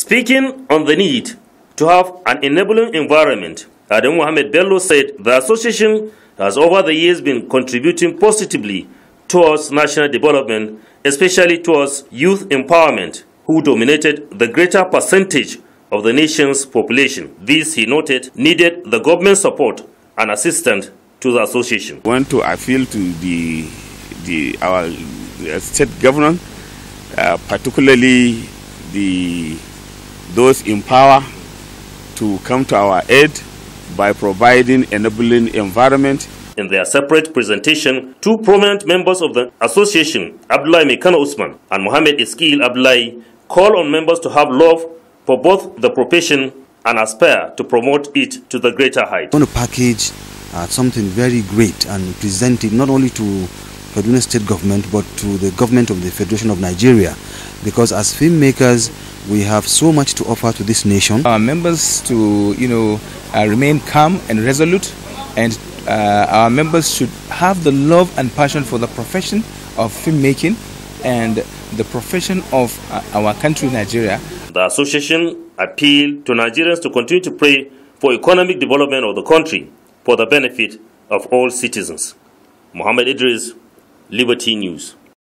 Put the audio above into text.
Speaking on the need to have an enabling environment, Adam Mohamed Bello said the association has over the years been contributing positively towards national development, especially towards youth empowerment, who dominated the greater percentage of the nation's population. This, he noted, needed the government support and assistance to the association. I want to appeal to the, the our uh, state government, uh, particularly the those in power to come to our aid by providing enabling environment. In their separate presentation, two prominent members of the association, Abdullahi Mekana Usman and Mohammed Iskil Abdullahi, call on members to have love for both the profession and aspire to promote it to the greater height. I want to package uh, something very great and present it not only to Kaduna State government but to the government of the Federation of Nigeria because as filmmakers we have so much to offer to this nation. Our members to you know uh, remain calm and resolute and uh, our members should have the love and passion for the profession of filmmaking and the profession of uh, our country Nigeria. The association appealed to Nigerians to continue to pray for economic development of the country for the benefit of all citizens. Mohammed Idris, Liberty News.